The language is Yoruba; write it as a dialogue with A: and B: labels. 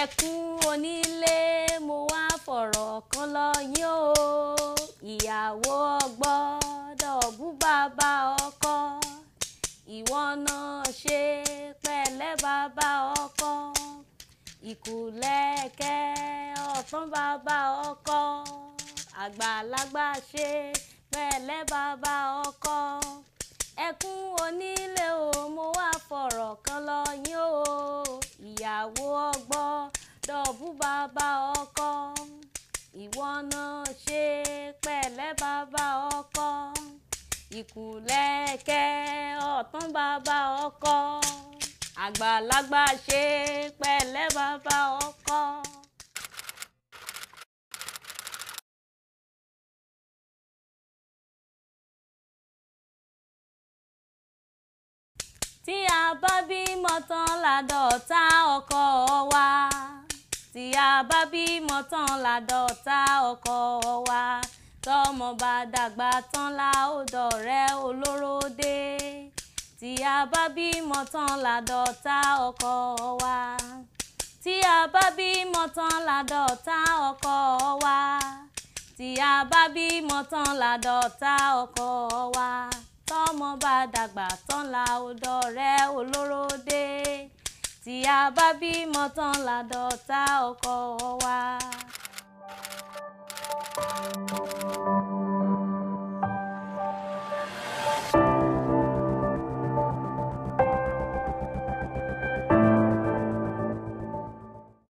A: ẹkún onílé mo wá fọ̀rọ̀ kan lọ yín o ìyàwó ọgbọ́dọ̀ bú bàbá ọkọ ìwọ náà ṣe pẹ̀lẹ́ bàbá ọkọ ìkùlẹ̀kẹ̀ ọ̀tún bàbá ọkọ àgbàlagbà ṣe pẹ̀lẹ́ bàbá ọkọ ẹkún onílé o mo. gbọ́ dọ̀bú bàbá ọkọ ìwọ náà ṣe pẹ̀lẹ́ bàbá ọkọ ìkùlẹ̀kẹ̀ ọ̀tún bàbá ọkọ àgbàlagbà ṣe
B: pẹ̀lẹ́ bàbá ọkọ. tí a bá bímọ tán ládọ́ta
A: ọkọ wa tí a bá bímọ tán ládọ́ta ọkọ wa tọmọ bá dàgbà tán la ó dọ̀rẹ́ olóró dé tí a bá bímọ tán ládọ́ta ọkọ wa tí a bá bímọ tán ládọ́ta ọkọ wa tí a bá bímọ tán ládọ́ta ọkọ wa tán bá dàgbà tán la ọ̀dọ̀rẹ́ olóró dé tí a bá bímọ tán la dọ̀tá ọkọ wa.